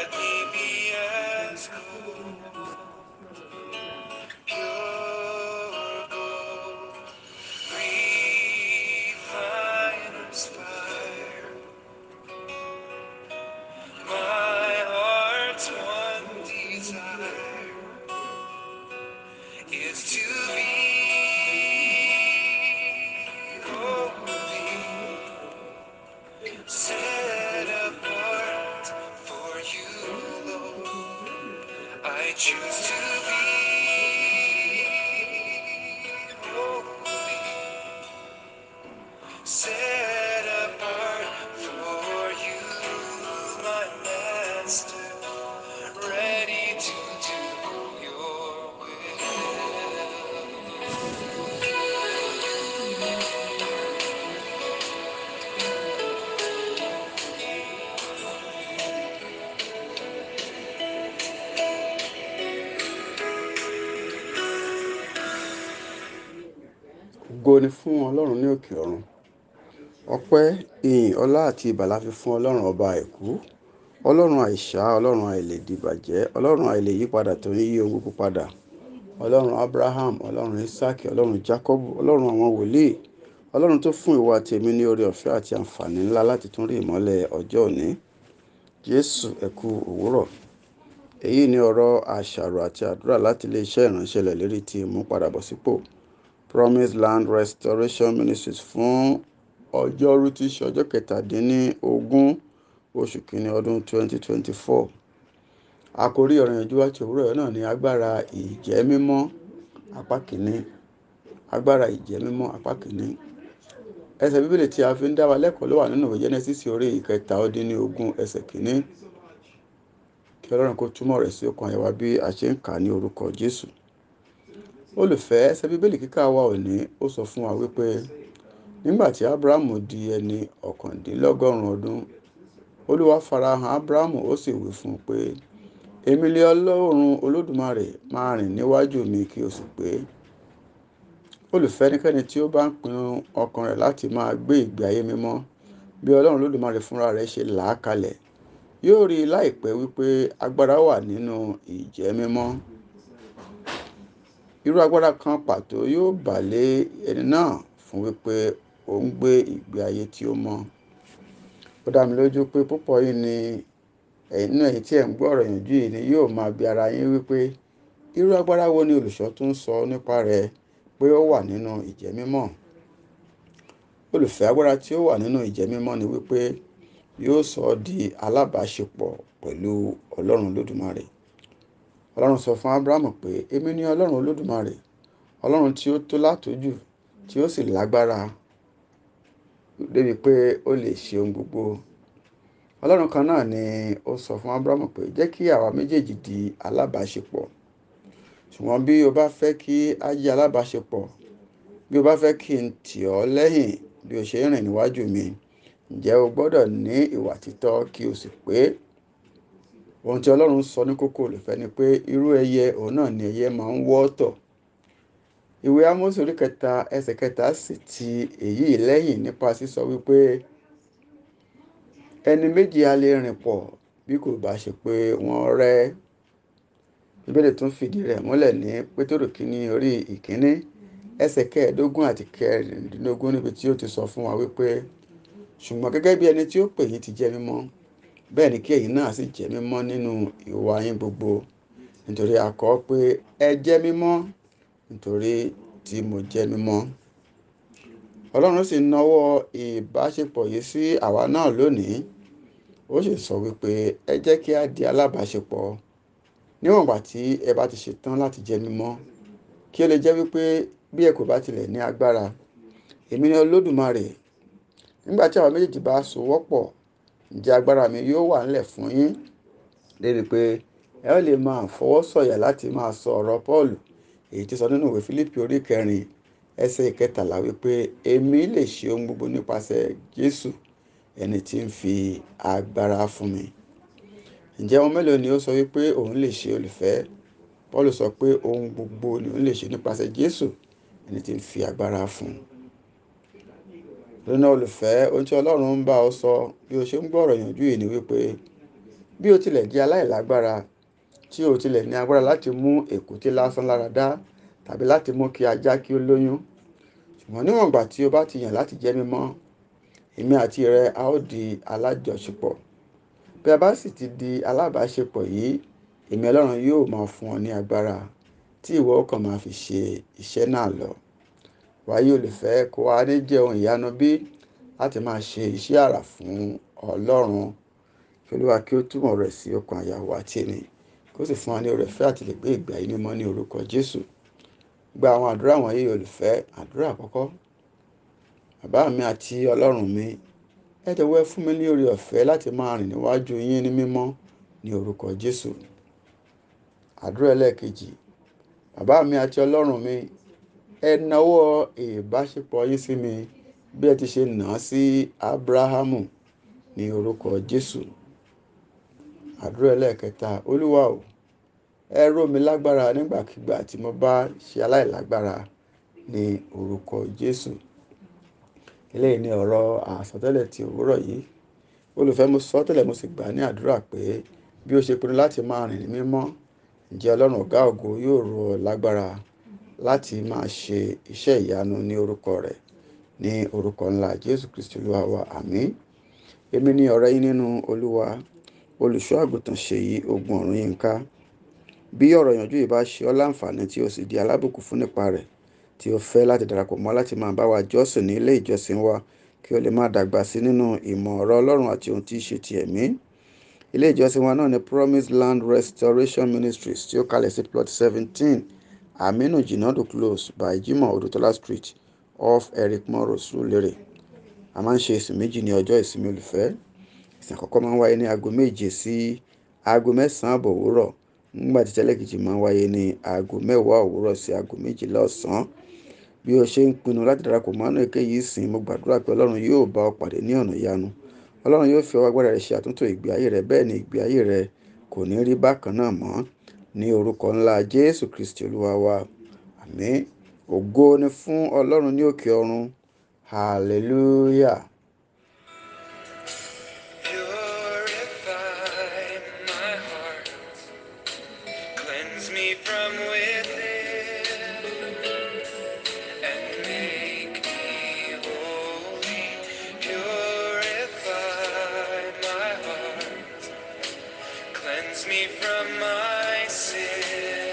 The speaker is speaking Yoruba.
let me be as pure gold, fire. My heart's one desire is to ògo ni fún ọlọ́run ní òkè ọ̀run ọpẹ́ ìyìn ọlá àti ìbà la fi fún ọlọ́run ọba àìkú ọlọ́run àìṣá ọlọ́run àìlèdìbàjẹ́ ọlọ́run àìlèyípadà tó ń yí ohun gbogbo padà ọlọ́run abraham ọlọ́run isaac ọlọ́run jacob ọlọ́run àwọn wòlíì ọlọ́run tó fún ìwà tèmi ní oore ọ̀fẹ́ àti àǹfààní ńlá láti tún rí ìmọ́lẹ̀ ọjọ́ òní jésù ẹ̀kú òwúrọ̀ èyí ni ọ̀rọ̀ àṣàrò àti àdúrà láti iléeṣẹ́ ìránṣẹ́lẹ̀ lérí ti ìmúpadàbọ̀sípò promise land restoration ministries fún ọjọ́rú tí í ṣe ọjọ́ kẹtàdínlógún oṣù kìíní ọdún 2024 àkórí ọ̀rọ̀ ìyànjú àti òwúrọ̀ yẹn náà ni agbára ìjẹ́ mímọ́ apá kìíní agbára ìjẹ́ mímọ́ apá kìíní ẹsẹ̀ bíbélì tí a fi ń dá wa lẹ́kọ̀ọ́ ló wà nínú ìwé genesis orí ìkẹta ọdín ní ogún ẹsẹ̀ kìíní kí ọlọ́run kó túmọ̀ rẹ̀ sí ọkàn àyẹ̀wò bí a ṣe ń kà ní orúkọ jésù olùfẹ́ ṣe bíbélì kíkà wa òní ó sọ fún wa wípé nígbà tí abrahamu di ẹni ọ̀kàndínlọ́gọ́rùn-ún ọdún olúwa farahàn abrahamu ó sì wí fún un pé èmi lé ọlọ́run olódùmarè máa rìn níwájú mi kí o sì pé olùfẹ́ ẹnikẹ́ni tí ó bá ń pinnu ọkàn rẹ̀ láti máa gbé ìgbé ayé mímọ́ bí ọlọ́run olódùmarè fúnra rẹ̀ ṣe là á kalẹ̀ yóò rí i láìpẹ́ wípé agbára wà nínú ìjẹ́ mímọ́ irú agbára kan pàtó yóò bà lé ẹni náà fún wípé ó ń gbé ìgbé ayé tí ó mọ́. ó dá mi lójú pé púpọ̀ yìí ni ẹ̀yìn ẹ̀yìn tí ẹ̀ ń gbọ́ ọ̀rọ̀ ìyànjú yìí ni yóò máa bi ara yín wípé irú agbára wo ni olùṣọ́ tún sọ nípa rẹ̀ pé ó wà nínú ìjẹ́ olùfẹ́ agbára tí ó wà nínú ìjẹ́ ni wípé yóò sọ ọ́ di alábàáṣepọ̀ pẹ̀lú ọlọ́run lódùmarè ọlọ́run sọ fún ábúráhámù pé èmi ni ọlọ́run olódùmarè ọlọ́run tí ó tó látòjù tí ó sì lágbára débi pé ó lè ṣe ohun gbogbo ọlọ́run kan náà ni ó sọ fún ábúráhámù pé jẹ́ kí àwa méjèèjì di alábàáṣepọ̀ ṣùgbọ́n bí o bá fẹ́ kí a jẹ́ alábàáṣepọ̀ bí o bá fẹ́ kí n tì ọ́ lẹ́yìn bí o ṣe ń rìn níwájú mi ǹjẹ́ o gbọ́dọ̀ ní ìwà títọ́ kí o sì pé ohun tí ọlọ́run sọ ní kókó olùfẹ́ ni pé irú ẹyẹ òun náà ni ẹyẹ máa ń wọ́ tọ̀ ìwé Ámósì orí kẹta ẹsẹ̀ kẹta sì ti èyí lẹ́yìn nípa sísọ wípé ẹni méjì a lè rìn pọ̀ bí kò bá ṣe pé wọ́n rẹ́ ìbéèrè tún fìdí rẹ̀ múlẹ̀ ní Pétérù kínní orí ìkínní ẹsẹ̀ kẹẹ̀ẹ́dógún àti kẹrìndínlógún níbi tí ó ti sọ fún wa wípé ṣùgbọ́n gẹ́gẹ́ bí ẹni tí ó pè yín ti jẹ́ mímọ́ bẹ́ẹ̀ ni kí ẹ̀yin náà sì jẹ́ mímọ́ nínú ìwà yín gbogbo nítorí a kọ pé ẹ jẹ́ mímọ́ nítorí tí mo jẹ́ mímọ́ ọlọ́run sì nawọ́ ìbáṣepọ̀ yìí sí àwa náà lónìí ó sì sọ wípé ẹ jẹ́ kí a di alábàáṣepọ̀ níwọ̀n ìgbà tí ẹ bá ti ṣetán láti jẹ́ mímọ́ kí ó lè jẹ́ wípé bí ẹ kò bá tilẹ̀ ní agbára èmi ni olódùmarè nígbà tí àwọn méjèèjì bá sowọ́pọ̀ ǹjẹ́ agbára mi yóò wà ńlẹ̀ fún yín débi pé ẹ ó lè máa fọwọ́ sọ̀yà láti máa sọ ọ̀rọ̀ Paul èyí tí sọ nínú ìwé Fílípì orí kẹrin ẹsẹ̀ ìkẹtàlá wípé èmi lè ṣe ohun gbogbo nípasẹ̀ Jésù ẹni tí ń fi agbára fún mi ǹjẹ́ ohun mélòó ni ó sọ wípé òun lè ṣe olùfẹ́ Paul sọ pé ohun gbogbo ni òun lè ṣe nípasẹ̀ Jésù ẹni tí ń fi agbára fún un lónà olùfẹ́ ohun tí ọlọ́run ń bá ọ sọ bí o ṣe ń gbọ́ ọ̀rọ̀ ìyànjú yìí ni wípé bí o tilẹ̀ jẹ́ aláìlágbára tí o tilẹ̀ ní agbára láti mú èkúté lásán lára dá tàbí láti mú kí ajá kí ó lóyún ṣùgbọ́n níwọ̀n ìgbà tí o bá ti yàn láti jẹ́ mímọ́ èmi àti rẹ a ó di alájọṣepọ̀ bí a bá sì ti di alábàáṣepọ̀ yìí èmi ọlọ́run yóò máa fún ọ ní agbára tí ìwọ ó máa fi ṣe iṣẹ́ náà lọ wàyí ò lè fẹ́ kó wa ní jẹ́ ohun ìyanu bí láti máa ṣe iṣẹ́ àrà fún ọlọ́run kí olúwa kí ó túmọ̀ rẹ̀ sí ọkàn àyàwó àti ẹni kó sì fún wa ní ọrẹ̀fẹ́ àti lè gbé ìgbà yìí mímọ́ ní orúkọ jésù gba àwọn àdúrà wọ̀nyí olùfẹ́ àdúrà àkọ́kọ́ bàbá mi àti ọlọ́run mi ẹ jẹ́ wẹ́ fún mi ní orí ọ̀fẹ́ láti máa rìn níwájú yín ní mímọ́ ní orúkọ jésù àdúrà ẹlẹ́ẹ̀kejì bàbá mi àti ọlọ́run mi ẹ nawọ́ ìbáṣepọ̀ yín sí mi bí ẹ ti ṣe nà á sí abrahamu ní orúkọ jésù àdúrà ẹlẹ́ẹ̀kẹta olúwa o ẹ ró mi lágbára nígbàkigbà tí mo bá ṣe aláìlágbára ní orúkọ jésù eléyìí ni ọ̀rọ̀ àsọtẹ́lẹ̀ ti òwúrọ̀ yìí olùfẹ́ mo sọ tẹ́lẹ̀ mo sì gbà ní àdúrà pé bí ó ṣe pinnu láti máa rìn ní mímọ́ ǹjẹ́ ọlọ́run ọ̀gá ògo yóò rọ̀ lágbára láti máa ṣe iṣẹ́ ìyanu ní orúkọ rẹ̀ ní orúkọ ńlá jésù kristi olúwa wa àmín èmi ni ọ̀rẹ́ yín nínú olúwa olùṣọ́ àgùntàn ṣèyí ogun ọ̀run yínká bí ọ̀rọ̀ ìyànjú yìí bá ṣe ọ́ láǹfààní tí o sì di alábùkún fún nípa rẹ̀ tí o fẹ́ láti darapọ̀ mọ́ láti máa bá wa jọ́sìn ní ilé ìjọsìn wa kí o lè máa dàgbà sí nínú ìmọ̀ ọ̀rọ̀ ọlọ́run àti ohun tí í ṣe ti ẹ̀mí ilé ìjọsìn wa náà ni promise land restoration ministries tí ó kalẹ̀ sí plot seventeen Aminu Jinadu Close by Jimoh Odutola Street, off Eric morris Road, A máa ń ṣe ìsìn méjì ní ọjọ́ ìsinmi olùfẹ́. Ìsìn àkọ́kọ́ máa ń wáyé ní aago méje sí aago mẹ́sàn-án àbọ̀ òwúrọ̀, nígbà tí tẹ́lẹ̀kejì máa ń wáyé ní aago mẹ́wàá òwúrọ̀ sí aago méjìlá ọ̀sán. Bí o ṣe ń pinnu láti darapọ̀ mọ́ àánú èkéyìí ìsìn, mo gbàdúrà pé Ọlọ́run yóò fi ọwọ́ agbára rẹ̀ ṣe àtúntò ìgbé rẹ, bẹ́ẹ̀ ni ìgbé ayé rẹ kò ní rí bákan náà ní orúkọ ńlá jésù kristi olúwa wa àmín ògo ni fún ọlọ́run ní òkè ọ̀run hallelujah. Cleanse me from my sin.